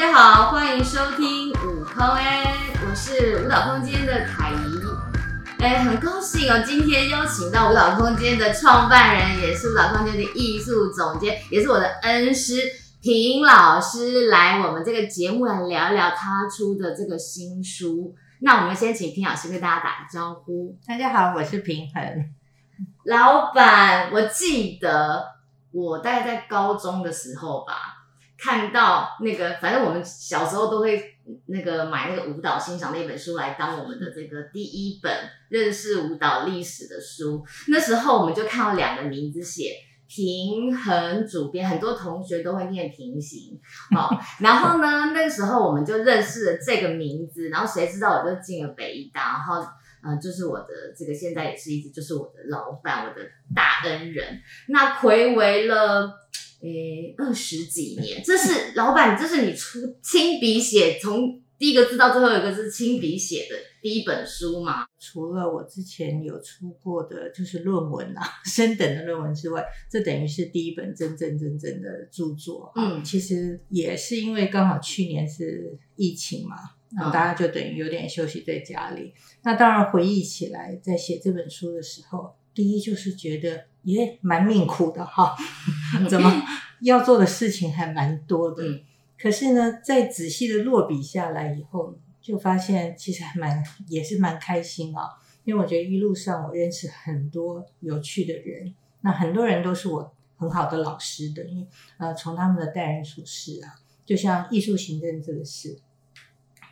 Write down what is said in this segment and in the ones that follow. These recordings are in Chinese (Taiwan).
大家好，歡迎收聽舞空間，我是舞蹈空間的凱怡。欸，很高興哦，今天邀請到舞蹈空間的創辦人，也是舞蹈空間的藝術總監，也是我的恩師平老師來我們這個節目來聊一聊他出的這個新書。那我們先請平老師跟大家打個招呼。大家好，我是平珩老闆。我記得我大概在高中的時候吧。看到那個，反正我們小時候都會那個買那個舞蹈欣賞那本書來當我們的這個第一本認識舞蹈歷史的書。那時候我們就看到兩個名字寫平珩主編，很多同學都會念平行、哦、然後呢，那個時候我們就認識了這個名字。然後誰知道我就進了北藝大，然後、呃、就是我的這個現在也是一直就是我的老闆，我的大恩人。那魁為了。誒，二十幾年，這是老板，這是你出親筆寫，從第一個字到最後一個字親筆寫的第一本書嗎？除了我之前有出過的，就是論文啊，升等的論文之外，這等於是第一本真正真正的著作、啊。嗯，其實也是因為剛好去年是疫情嘛，嗯、然後大家就等於有點休息在家裡。那當然回憶起來，在寫這本書的時候。第一就是覺得耶，蠻命苦的哈、啊，怎麼 要做的事情還蠻多的。可是呢，在仔細的落筆下來以後，就發現其實還蠻也是蠻開心啊、哦。因為我覺得一路上我認識很多有趣的人，那很多人都是我很好的老師的，因為呃，從他們的待人處事啊，就像藝術行政這個事，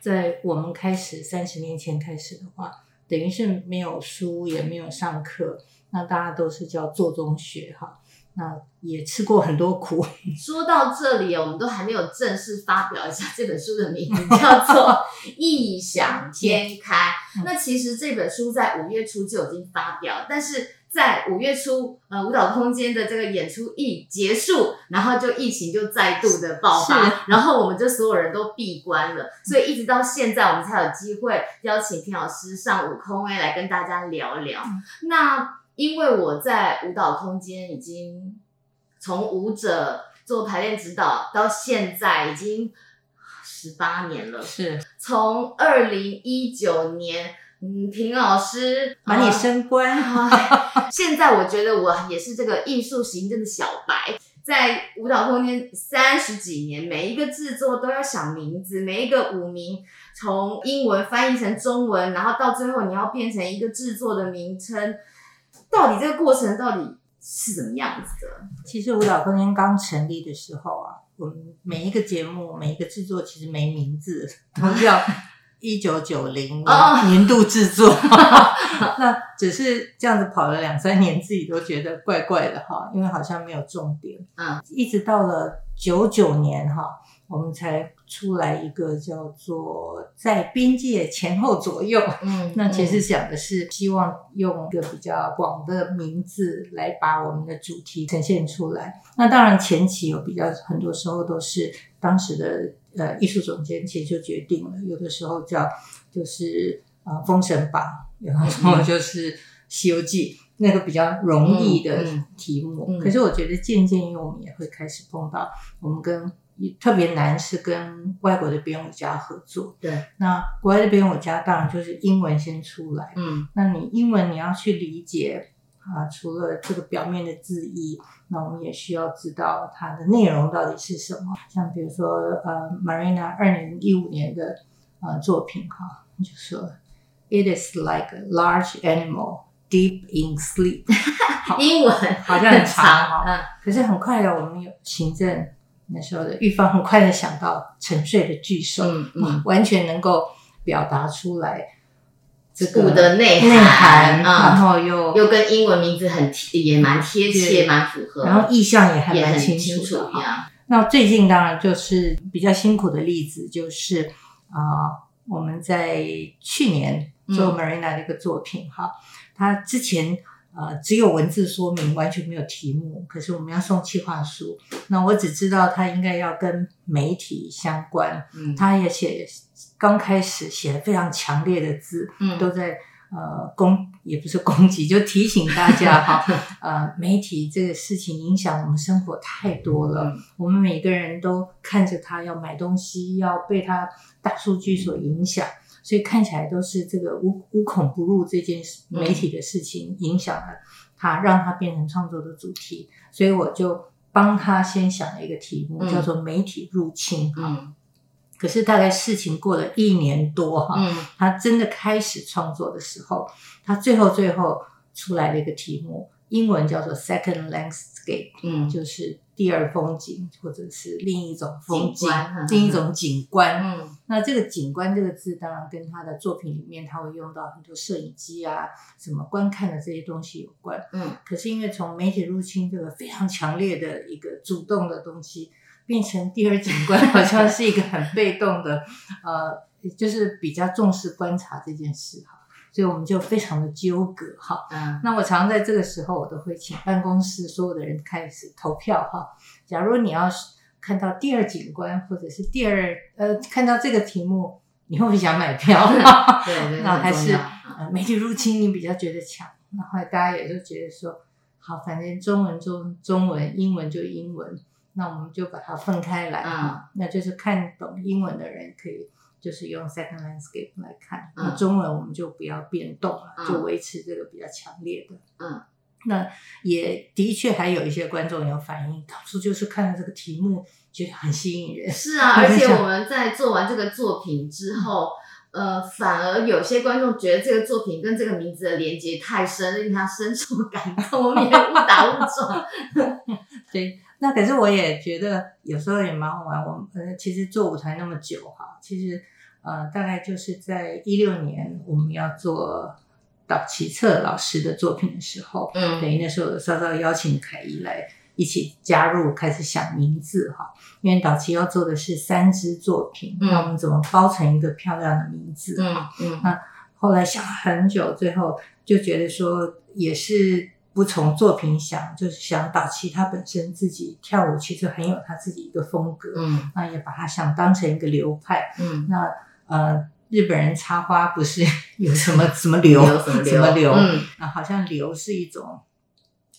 在我們開始三十年前開始的話。等於是沒有書也沒有上課，那大家都是叫做中學哈，那也吃過很多苦。說到這裡哦，我們都還沒有正式發表一下這本書的名字，叫做《異想天開》。 那其實這本書在五月初就已經發表，但是。在五月初，呃，舞蹈空間的這個演出一結束，然後就疫情就再度的爆發，然後我們就所有人都閉關了，所以一直到現在我們才有機會邀請平老師上舞空 A 來跟大家聊一聊。嗯。那因為我在舞蹈空間已經從舞者做排練指導到現在已經十八年了，是，從二零一九年。嗯，平老師，把、嗯、你升官。嗯、 現在我覺得我也是這個藝術行政的小白，在舞蹈空間三十幾年，每一個製作都要想名字，每一個舞名從英文翻譯成中文，然後到最後你要變成一個製作的名稱，到底這個過程到底是怎麼樣子的？其實舞蹈空間剛成立的時候啊，我們每一個節目、每一個製作其實沒名字，都要。 一九九零年度製作，哈哈，那只是這樣子跑了兩三年，自己都覺得怪怪的哈，因為好像沒有重點。嗯，一直到了九九年哈，我們才出來一個叫做在邊界前後左右，嗯，那其實想的是希望用一個比較廣的名字來把我們的主題呈現出來。那當然前期有比較，很多時候都是當時的。呃，藝術總監其實就決定了，有的時候叫就是呃《封神榜》，有的時候就是《西遊記》那個比較容易的題目。嗯嗯、可是我覺得漸漸，因為我們也會開始碰到，我們跟特別難是跟外國的編舞家合作、嗯。對，那國外的編舞家當然就是英文先出來。嗯，那你英文你要去理解。啊，除了這個表面的字意，那我們也需要知道它的內容到底是什麼。像比如說，呃，Marina 二零一五年的呃作品哈，哦，就說 “It is like a large animal deep in sleep”， 英文好，好像很長哈。嗯， 哦。可是很快的，哦，我們有行政那時候的玉芳，很快的想到沉睡的巨獸，嗯嗯，完全能夠表達出來。這個、古的內涵，涵、嗯，然後又又跟英文名字很貼，也蠻貼切，也蠻符合，然後意象也還蠻清楚，的清楚。那最近當然就是比較辛苦的例子，就是啊、呃，我們在去年做、嗯、Marina 的一個作品哈，他之前。呃，只有文字說明，完全沒有題目。可是我們要送企劃書，那我只知道他應該要跟媒體相關。嗯，他也寫，剛開始寫了非常強烈的字，嗯、都在呃攻，也不是攻擊，就提醒大家哈， 呃，媒體這個事情影響我們生活太多了，嗯、我們每個人都看着他要買東西，要被他大數據所影響。嗯所以看起來都是這個無無孔不入這件事，媒體的事情影響了他，讓他變成創作的主題。所以我就幫他先想了一個題目，叫做“媒體入侵”哈。嗯，可是大概事情過了一年多哈，他真的開始創作的時候，他最後最後出來了一個題目，英文叫做 “Second Landscape”，嗯，就是。第二風景，或者是另一種風景、景觀啊，另一種景觀。嗯，那這個景觀這個字，當然跟他的作品裡面他會用到很多攝影機啊，什麼觀看的這些東西有關。嗯，可是因為從媒體入侵這個非常強烈的一個主動的東西，變成第二景觀，好像是一個很被動的， 呃，就是比較重視觀察這件事哈。所以我們就非常的糾葛哈、嗯，那我常在這個時候，我都會請辦公室所有的人開始投票哈。假如你要看到第二景觀，或者是第二呃，看到這個題目，你會不會想買票嗎？ 對對， 那還是，還是呃，媒體入侵你比較覺得強。那後來大家也就覺得說，好，反正中文中中文，英文就英文，那我們就把它分開來、嗯、那就是看懂英文的人可以。就是用 Second Landscape 來看，那、嗯、中文我們就不要變動了，嗯、就維持這個比較強烈的。嗯，那也的確還有一些觀眾有反映，當初就是看了這個題目，覺得很吸引人。是啊，而且我們在做完這個作品之後，呃，反而有些觀眾覺得這個作品跟這個名字的連接太深，令他深受感動。 我們也誤打誤撞， 對。那可是我也覺得有時候也蠻好玩。我們、呃，其實做舞台那麼久哈，其實呃，大概就是在一六年我們要做島崎徹老師的作品的時候，嗯，等於那時候稍稍邀請凱怡來一起加入，開始想名字哈，因為島崎要做的是三支作品，嗯，那我們怎麼包成一個漂亮的名字？哈？嗯，那後來想了很久，最後就覺得說也是。不從作品想，就是想打其他本身自己跳舞，其實很有他自己一個風格，嗯，那也把他想當成一個流派，嗯，那呃，日本人插花不是有什麼什麼流，流，流，什麼流，嗯，好像流是一種。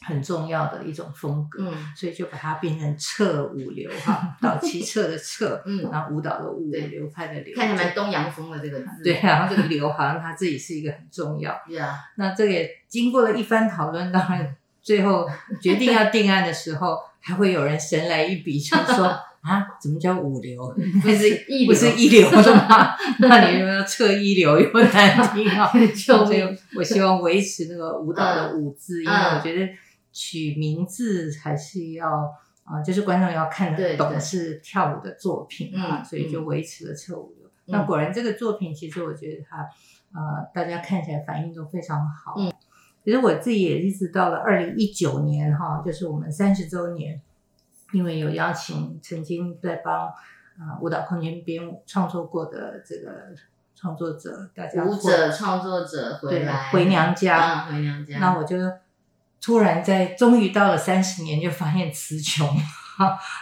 很重要的一種風格，嗯、所以就把它變成“測舞流”哈、嗯，早期“測的測嗯然後舞蹈的舞，流派的流，看起來蠻東洋風的這個字。對、啊，然後這個流好像他自己是一個很重要。Yeah. 那這個也經過了一番討論，當然後最後決定要定案的時候， 還會有人神來一筆，就說：“啊，怎麼叫舞流？不 還是, 是一流不是一流的嗎？ 那你又要撤一流又難聽啊 ！”所以，我希望維持那個舞蹈的舞字、嗯，因為我覺得。取名字還是要啊、呃，就是觀眾要看懂是跳舞的作品對對、啊嗯、所以就維持了跳舞了、嗯、那果然這個作品其實我覺得它，呃，大家看起來反應都非常好。嗯、其實我自己也一直到了二零一九年哈，就是我們三十周年，因為有邀請曾經在幫啊、呃、舞蹈空間編舞創作過的這個創作者，大家舞者創作者回來回娘家、啊，回娘家，那我就。突然在終於到了三十年，就發現詞窮。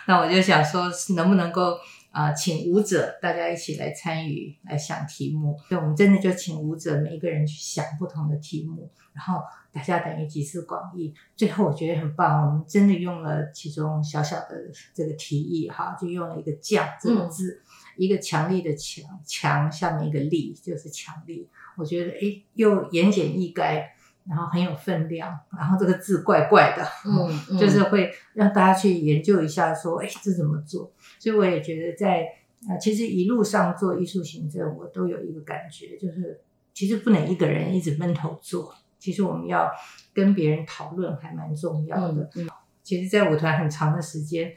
那我就想說，能不能夠啊、呃，請舞者大家一起來參與來想題目。所以我們真的就請舞者每一個人去想不同的題目，然後大家等於集思廣益。最後我覺得很棒，我們真的用了其中小小的這個提議哈，就用了一個“強”這個字，嗯，一個強力的“強”，強下面一個“力”，就是強力。我覺得哎，又言簡意賅。然後很有分量，然後這個字怪怪的，嗯、就是會讓大家去研究一下說，說、嗯、哎，這怎麼做？所以我也覺得在，在、呃、啊，其實一路上做藝術行政，我都有一個感覺，就是其實不能一個人一直悶頭做，其實我們要跟別人討論還蠻重要的。嗯，其實，在舞團很長的時間，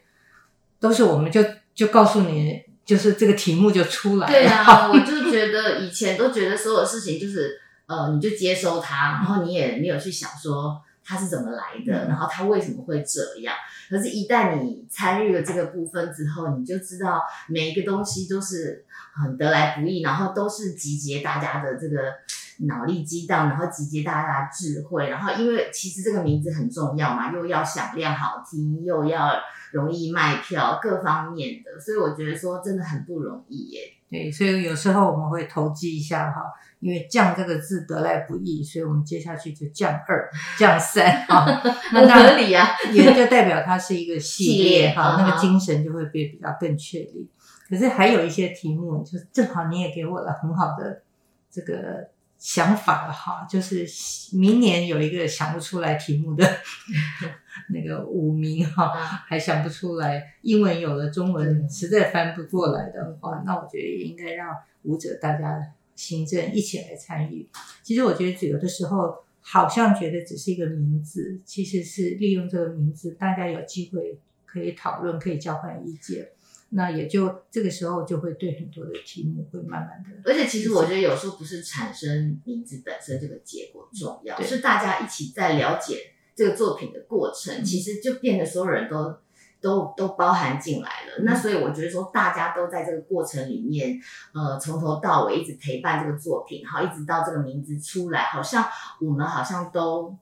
都是我們就就告訴你，就是這個題目就出來了。對啊，我就覺得以前都覺得所有事情就是。呃，你就接收它，然後你也沒有去想說它是怎麼來的，然後它為什麼會這樣。可是，一旦你參與了這個部分之後，你就知道每一個東西都是很得來不易，然後都是集結大家的這個腦力激盪，然後集結大家的智慧。然後，因為其實這個名字很重要嘛，又要響亮好聽，又要容易賣票，各方面的。所以，我覺得說真的很不容易耶。對，所以有時候我們會投機一下哈，因為“降”這個字得來不易，所以我們接下去就降二、 降三哈，那 合理啊，那那也就代表它是一個系列哈， 那個精神就會被比，比較更確立。可是還有一些題目，就正好你也給我了很好的這個。想法了哈，就是明年有一個想不出來題目的那個舞名哈，還想不出來英文，有了中文實在翻不過來的話，那我覺得也應該讓舞者大家行政一起來參與。其實我覺得有的時候好像覺得只是一個名字，其實是利用這個名字，大家有機會可以討論，可以交換意見。那也就，這個時候就會對很多的題目會慢慢的，而且其實我覺得有時候不是產生名字本身這個結果重要，嗯、是大家一起在了解這個作品的過程，嗯、其實就變得所有人都都都包含進來了、嗯。那所以我覺得說大家都在這個過程裡面，嗯、呃，從頭到尾一直陪伴這個作品，好，一直到這個名字出來，好像我們好像都。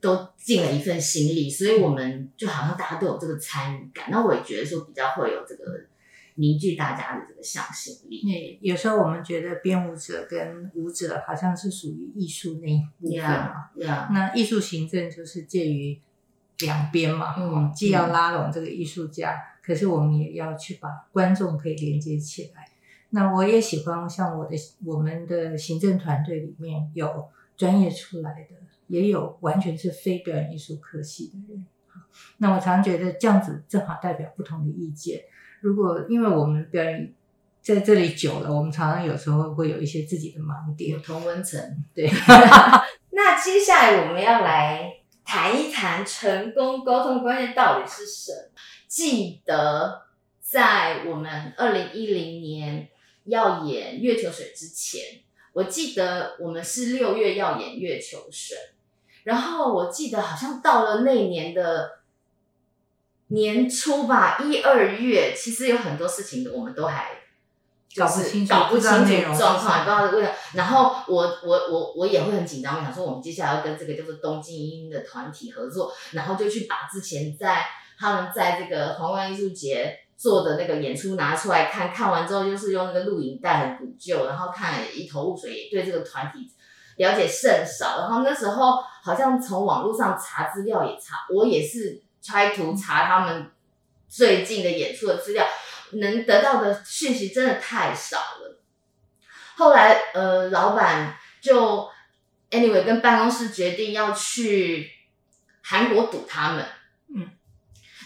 都盡了一份心力，所以我們就好像大家都有這個參與感，那我也覺得說比較會有這個凝聚大家的這個向心力。那、嗯、有時候我們覺得編舞者跟舞者好像是屬於藝術那一部分嘛，yeah, yeah. 那藝術行政就是介於兩邊嘛，嗯，既要拉攏這個藝術家、嗯，可是我們也要去把觀眾可以連接起來。那我也喜歡像我的我們的行政團隊裡面有專業出來的。也有完全是非表演藝術科系的人，那我常常覺得這樣子正好代表不同的意見。如果因為我們表演在這裡久了，我們常常有時候會有一些自己的盲點，有同溫層。對。 那接下來我們要來談一談成功溝通關鍵到底是什麼？記得在我們二零一零年要演《月球水》之前，我記得我們是六月要演《月球水》。然後我記得好像到了那年的年初吧，嗯、一二月，其實有很多事情我們都還、就是、搞不清楚，搞不清楚狀況，這個、是不知道為什麼。然後我我我我也會很緊張、嗯，我想說我們接下來要跟這個叫做東京音，音的團體合作，然後就去把之前在他們在這個皇冠藝術節做的那個演出拿出來看，看完之後，就是用那個錄影帶很補救，然後看了一頭霧水，也對這個團體了解甚少，然後那時候。好像從網絡上查資料也查，我也是 try to 查他們最近的演出的資料，能得到的訊息真的太少了。後來呃，老闆就 anyway 跟辦公室決定要去韓國堵他們，嗯。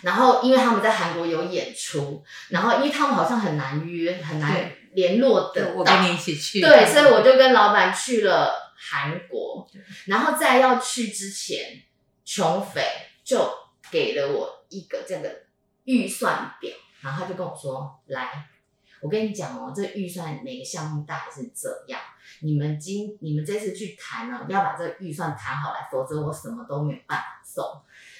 然後因為他們在韓國有演出，然後因為他們好像很難約，很難聯絡的，我跟你一起去，對。對，所以我就跟老闆去了。韓國，然後在要去之前，瓊斐就給了我一個這個預算表，然後他就跟我說：“來，我跟你講哦，這預算哪個項目大還是這樣，你們今你們這次去談呢，要把這預算談好來，否則我什麼都沒有辦法送。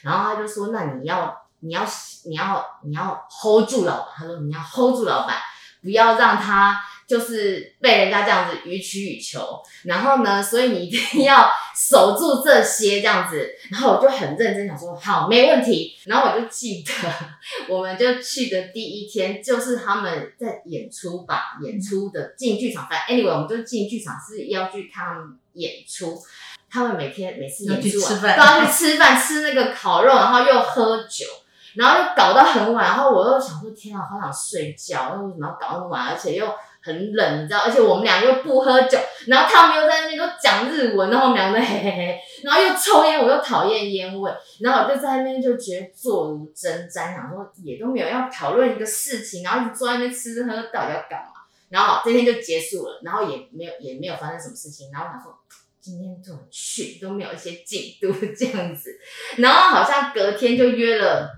然後他就說：“那你要你要你要你要，你要 hold 住老闆，他說你要 hold 住老闆，不要讓他。”就是被人家這樣子予取予求，然後呢，所以你一定要守住這些這樣子。然後我就很認真想說，好，沒問題。然後我就記得， 我們就去的第一天就是他們在演出吧，演出的進劇場。反正 anyway，我們就進劇場是要去看他們演出。他們每天每次演出完都要去吃飯，吃， 吃那個烤肉，然後又喝酒，然後又搞到很晚。然後我又想說，天啊，好想睡覺，又為什麼要搞那麼晚，而且又。很冷，你知道，而且我們兩個又不喝酒，然後他們又在那邊都講日文，然後我們兩個嘿嘿嘿，然後又抽菸，我又討厭菸味，然後我就在那邊就覺得坐如針氈，然後也都沒有要討論一個事情，然後一直坐在那邊吃吃喝喝，到底要幹嘛？然後好，今天就結束了，然後也沒有也沒有發生什麼事情，然後我想說今天怎麼去都沒有一些進度這樣子，然後好像隔天就約了，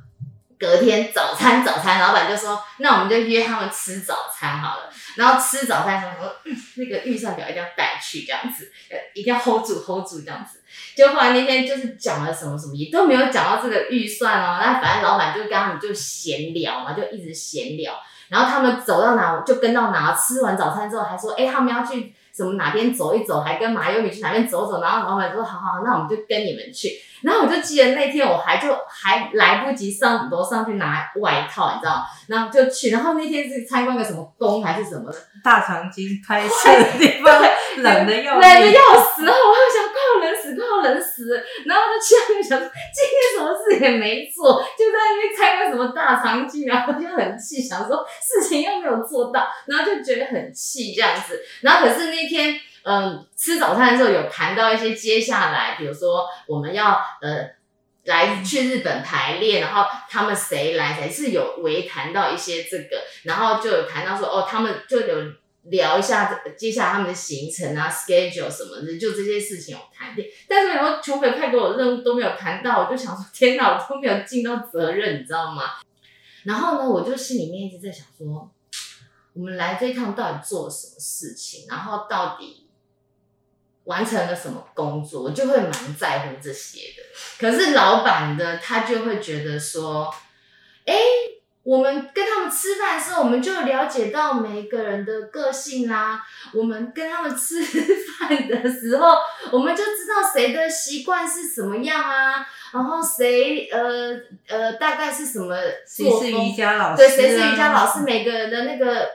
隔天早餐早餐，老闆就說，那我們就約他們吃早餐好了。然後吃早飯什麼什麼，那個預算表一定要帶去，這樣子，一定要 hold 住 hold 住這樣子。就後來那天就是講了什麼什麼，也都沒有講到這個預算哦、啊。那反正老板就跟他們就閒聊嘛，就一直閒聊。然後他們走到哪就跟到哪，吃完早餐之後還說，哎，他們要去什麼哪邊走一走，還跟馬友米去哪邊走走。然後老板說，好好，那我們就跟你們去。然後我就記得那天我還就還來不及上樓上去拿外套，你知道嗎？然後就去，然後那天是參觀個什麼宮還是什麼大長今拍攝的地方的，冷的要死，冷的要死。然後我就想，快要冷死，快要冷死。然後就去，然後就想說今天什麼事也沒做，就在那邊參觀什麼大長今，然後就很氣，想說事情又沒有做到，然後就覺得很氣這樣子。然後可是那天。嗯，吃早餐的時候有談到一些接下來，比如說我們要呃來去日本排練，然後他們誰來，誰是有微談到一些這個，然後就有談到說哦，他們就有聊一下接下來他們的行程啊，schedule 什麼的，就這些事情有談。但是很多窮鬼派給我的任務都沒有談到，我就想說天哪，我都沒有盡到責任，你知道嗎？然後呢，我就心裡面一直在想說，我們來這一趟到底做什麼事情，然後到底。完成了什麼工作，我就會蠻在乎這些的。可是老闆呢，他就會覺得說，誒，我們跟他們吃飯的時候，我們就了解到每個人的個性啦、啊。我們跟他們吃飯的時候，我們就知道誰的習慣是什麼樣啊。然後誰呃呃，大概是什麼？誰是瑜伽老師、啊？對，誰是瑜伽老師？每個人的那個。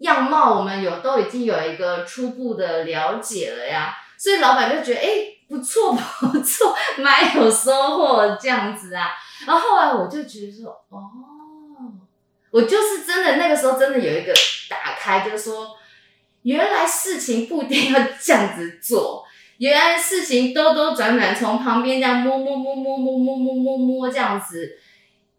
樣貌我們有都已經有一個初步的了解了呀，所以老板就覺得，誒，不錯不錯，蠻有收穫這樣子啊。然後後來我就覺得說哦，我就是真的那個時候真的有一個打開，就是說原來事情不一定要這樣子做，原來事情兜兜轉轉從旁邊這樣摸摸摸摸摸摸摸摸摸，摸，摸，摸，摸這樣子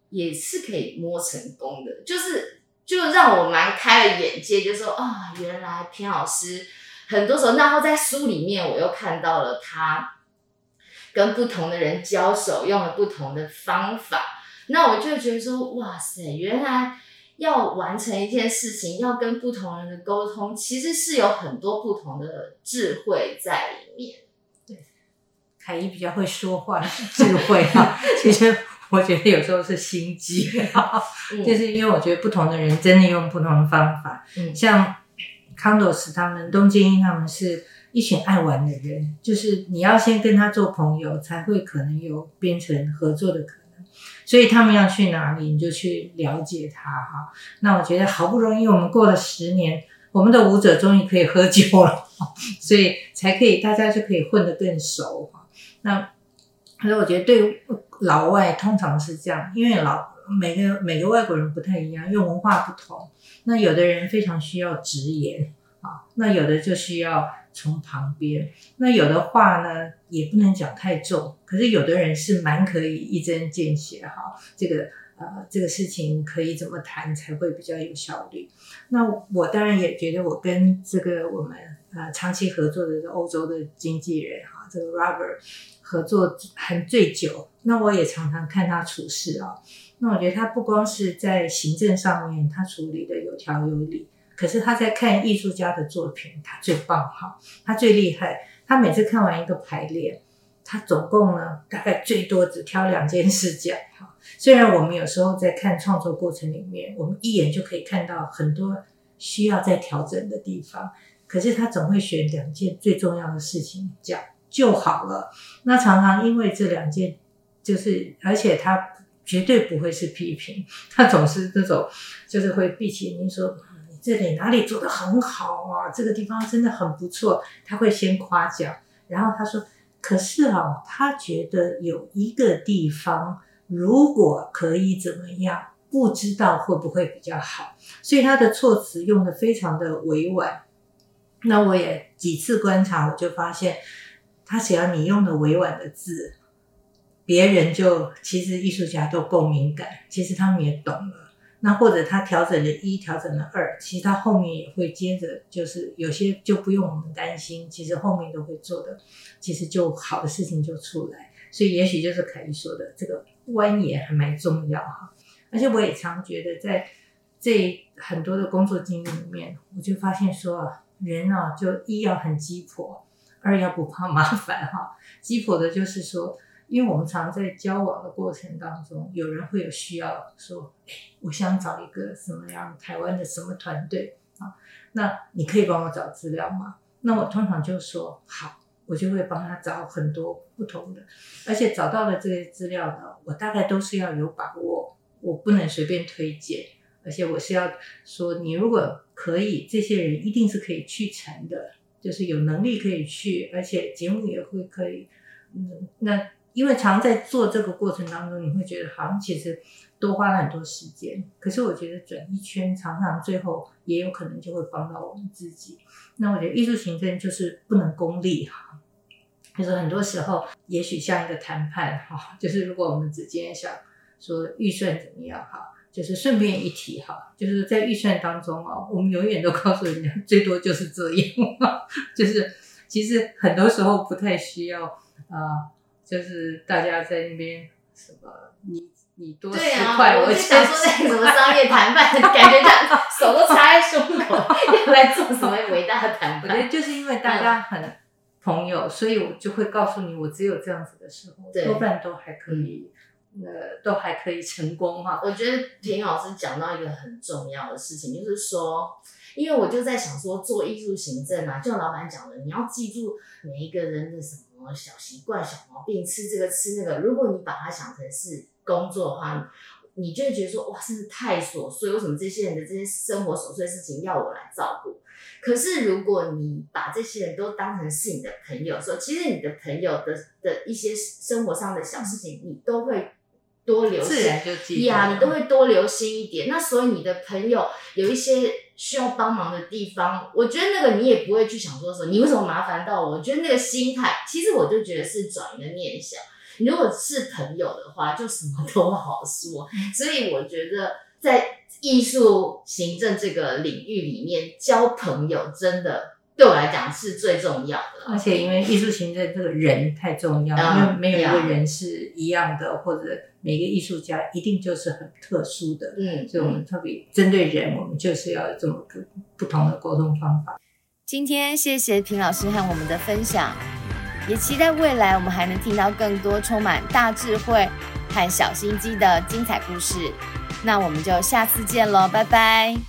也是可以摸成功的，就是。就讓我蠻開了眼界，就說啊、哦，原來平老師，很多時候，然後在書裡面我又看到了他跟不同的人交手，用了不同的方法，那我就覺得說，哇塞，原來要完成一件事情，要跟不同人的溝通，其實是有很多不同的智慧在裡面。對，凱怡比較會說話， 智慧、啊、其實。我覺得有時候是心機，就是因為我覺得不同的人真的用不同的方法。像 Condos 他們、東京他們是一群愛玩的人，就是你要先跟他做朋友，才會可能有變成合作的可能。所以他們要去哪裡，你就去了解他哈。那我覺得好不容易我們過了十年，我們的舞者終於可以喝酒了，所以才可以大家就可以混得更熟哈。那所以我覺得對。老外通常是這樣，因為老每個每個外國人不太一樣，因為文化不同。那有的人非常需要直言啊，那有的就需要從旁邊。那有的話呢，也不能講太重。可是有的人是蠻可以一針見血哈。這個呃，這個事情可以怎麼談才會比較有效率？那我當然也覺得，我跟這個我們呃長期合作的是歐洲的經紀人哈，這個 Robert。合作很最久，那我也常常看他處事啊。那我覺得他不光是在行政上面，他處理得有條有理。可是他在看藝術家的作品，他最棒哈，他最厲害。他每次看完一個排練，他總共呢，大概最多只挑兩件事講哈。雖然我們有時候在看創作過程裡面，我們一眼就可以看到很多需要再調整的地方，可是他總會選兩件最重要的事情講。就好了。那常常因為這兩件，就是而且他絕對不會是批評，他總是那種就是會閉起眼睛說：“你、嗯、這裡哪裡做得很好啊，這個地方真的很不錯。”他會先誇獎，然後他說：“可是啊，他覺得有一個地方如果可以怎麼樣，不知道會不會比較好。”所以他的措辭用得非常的委婉。那我也幾次觀察，我就發現。他只要你用的委婉的字，別人就其實藝術家都夠敏感，其實他們也懂了。那或者他調整了一，調整了二，其實他後面也會接着，就是有些就不用我們擔心，其實後面都會做的，其實就好的事情就出來。所以也許就是凱怡說的，這個蜿蜒還蠻重要哈。而且我也常覺得，在這很多的工作經歷裡面，我就發現說、啊，人啊就一要很急迫。二要不怕麻煩哈、啊，基本的就是說，因為我們常在交往的過程當中，有人會有需要說，誒，我想找一個什麼樣台灣的什麼團隊啊？那你可以幫我找資料嗎？那我通常就說好，我就會幫他找很多不同的，而且找到的這些資料呢，我大概都是要有把握，我不能隨便推薦，而且我是要說，你如果可以，這些人一定是可以去成的。就是有能力可以去，而且節目也會可以。嗯，那因為常在做這個過程當中，你會覺得好像其實多花了很多時間。可是我覺得轉一圈，常常最後也有可能就會幫到我們自己。那我覺得藝術行政就是不能功利哈，就是很多時候也許像一個談判哈，就是如果我們直接想說預算怎麼樣哈。就是順便一提哈，就是在預算當中哦、啊，我們永遠都告訴人家最多就是這樣， 就是其實很多時候不太需要啊、呃，就是大家在那邊什麼你你多十塊、對啊，我就想我說在什麼商業談判， 感覺他手都插在胸口 要來做什麼偉大的談判？我覺得就是因為大家很朋友，所以我就會告訴你，我只有這樣子的時候，多半都還可以。嗯那、嗯、都還可以成功哈，我覺得平老師講到一個很重要的事情，就是說，因為我就在想說，做藝術行政嘛、啊，就像老闆講的，你要記住每一個人的什麼小習慣、小毛病，吃這個吃那個。如果你把它想成是工作的話，你，你就會覺得說，哇，真是太瑣碎，為什麼這些人的這些生活瑣碎事情要我來照顧？可是如果你把這些人都當成是你的朋友，說其實你的朋友的的一些生活上的小事情，你都會。多留心呀，你都會多留心一點、嗯。那所以你的朋友有一些需要幫忙的地方，我覺得那個你也不會去想說，什麼，你為什麼麻煩到我？我覺得那個心態，其實我就覺得是轉一個念想。如果是朋友的話，就什麼都好說。所以我覺得在藝術行政這個領域裡面，交朋友真的對我來講是最重要的。而且因為藝術行政這個人太重要，了、嗯、沒有一個人是一樣的，嗯、或者。每個藝術家一定就是很特殊的，嗯，所以我們特別針對人，我們就是要這麼不不同的溝通方法。今天謝謝平老師和我們的分享，也期待未來我們還能聽到更多充滿大智慧和小心機的精彩故事。那我們就下次見嘍，拜拜。